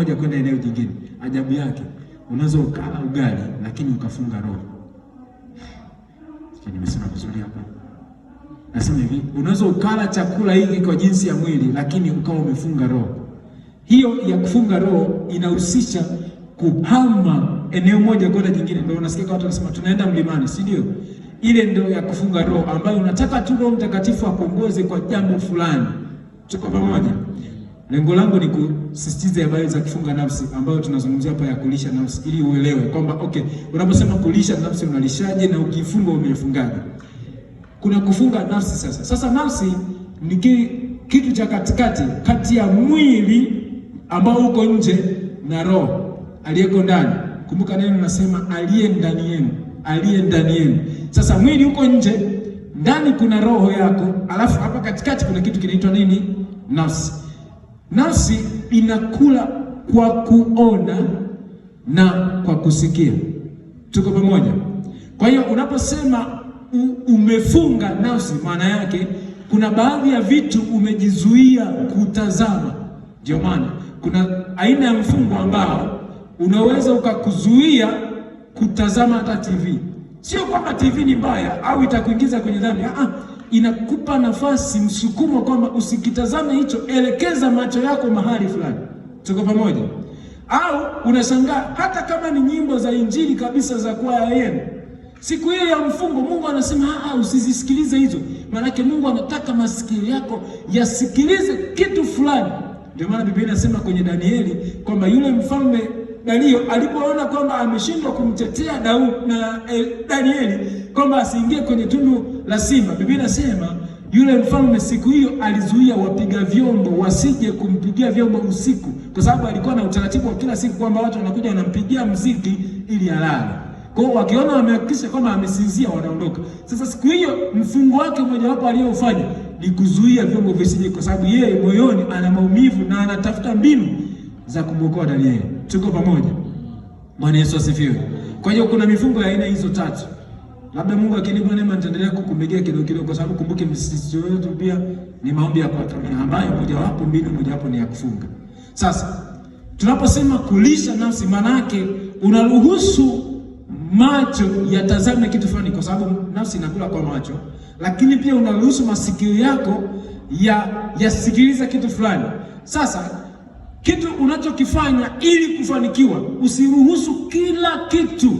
moja kwenda eneo jingine. Ajabu yake unaweza ukala ugali lakini ukafunga roho. Nimesema vizuri hapa? Nasema hivi, unaweza ukala chakula hiki kwa jinsi ya mwili lakini ukawa umefunga roho. Hiyo ya kufunga roho inahusisha kuhama eneo moja kwenda jingine. Ndio unasikia watu wanasema tunaenda mlimani, si ndio? Ile ndio ya kufunga roho ambayo unataka tu Roho Mtakatifu akuongoze kwa jambo fulani. Tuko pamoja? Lengo langu ni kusisitiza habari za kufunga nafsi ambayo tunazungumzia hapa ya kulisha nafsi, ili uelewe kwamba okay, unaposema kulisha nafsi unalishaje na ukifunga umeifungaje? Kuna kufunga nafsi sasa. Sasa nafsi ni kitu cha katikati kati ya mwili ambao uko nje na roho aliyeko ndani. Kumbuka neno nasema aliye ndani yenu, aliye ndani yenu. Sasa mwili uko nje, ndani kuna roho yako, alafu hapa katikati kuna kitu kinaitwa nini? Nafsi nafsi inakula kwa kuona na kwa kusikia. Tuko pamoja? Kwa hiyo unaposema umefunga nafsi, maana yake kuna baadhi ya vitu umejizuia kutazama. Ndio maana kuna aina ya mfungo ambao unaweza ukakuzuia kutazama hata TV. Sio kwamba TV ni mbaya au itakuingiza kwenye dhambi. Ah, ah inakupa nafasi, msukumo kwamba usikitazame hicho, elekeza macho yako mahali fulani. Tuko pamoja? Au unashangaa hata kama ni nyimbo za injili kabisa za kwaya yenu, siku hiyo ya mfungo Mungu anasema ah, ah usizisikilize hizo, maanake Mungu anataka masikio yako yasikilize kitu fulani. Ndio maana Biblia inasema kwenye Danieli kwamba yule mfalme Dario alipoona kwamba ameshindwa kumtetea Daudi na e, Danieli kwamba asiingie kwenye tundu la simba, Biblia inasema yule mfalme siku hiyo alizuia wapiga vyombo wasije kumpigia vyombo usiku, kwa sababu alikuwa na utaratibu wa kila siku kwamba watu wanakuja wanampigia mziki ili alale. Kwa hiyo wakiona wamehakikisha kwamba amesinzia, wanaondoka. Sasa siku hiyo mfungo wake mmojawapo aliyofanya ni kuzuia vyombo visije, kwa sababu yeye moyoni ana maumivu na anatafuta mbinu za kumwokoa Danieli. Tuko pamoja? Bwana Yesu asifiwe. Kwa hiyo kuna mifungo ya aina hizo tatu. Labda Mungu akinipa neema nitaendelea kukumbegea kidogo kidogo, kwa sababu kumbuke, msisitizo wetu pia ni maombi ya patakatifu, ambayo mojawapo mbinu mojawapo ni ya kufunga. Sasa tunaposema kulisha nafsi, manake unaruhusu macho yatazame kitu fulani, kwa sababu nafsi inakula kwa macho, lakini pia unaruhusu masikio yako ya yasikiliza kitu fulani. Sasa kitu unachokifanya ili kufanikiwa, usiruhusu kila kitu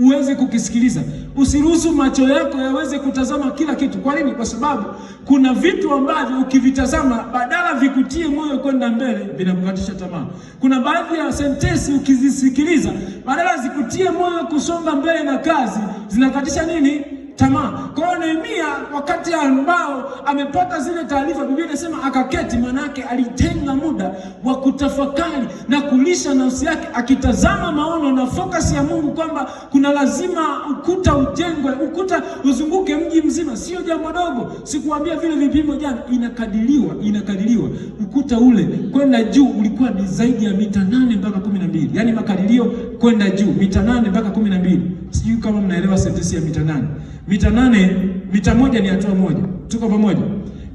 uweze kukisikiliza, usiruhusu macho yako yaweze kutazama kila kitu. Kwa nini? Kwa sababu kuna vitu ambavyo ukivitazama badala vikutie moyo kwenda mbele, vinakukatisha tamaa. Kuna baadhi ya sentensi ukizisikiliza badala zikutie moyo kusonga mbele na kazi, zinakatisha nini tamaa. Kwa hiyo Nehemia, wakati ambao amepata zile taarifa, Biblia inasema akaketi, manake alitenga muda wa kutafakari na kulisha nafsi yake, akitazama maono na fokasi ya Mungu kwamba kuna lazima ukuta ujengwe, ukuta uzunguke mji mzima. Sio jambo dogo, sikuambia vile vipimo jana, inakadiriwa inakadiriwa ukuta ule kwenda juu ulikuwa ni zaidi ya mita nane mpaka kumi na mbili yaani makadirio kwenda juu mita nane mpaka kumi na mbili Sijui kama mnaelewa sentensi ya mita nane mita nane, mita moja ni hatua moja. Tuko pamoja?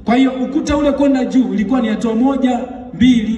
Kwa hiyo ukuta ule kwenda juu ulikuwa ni hatua moja mbili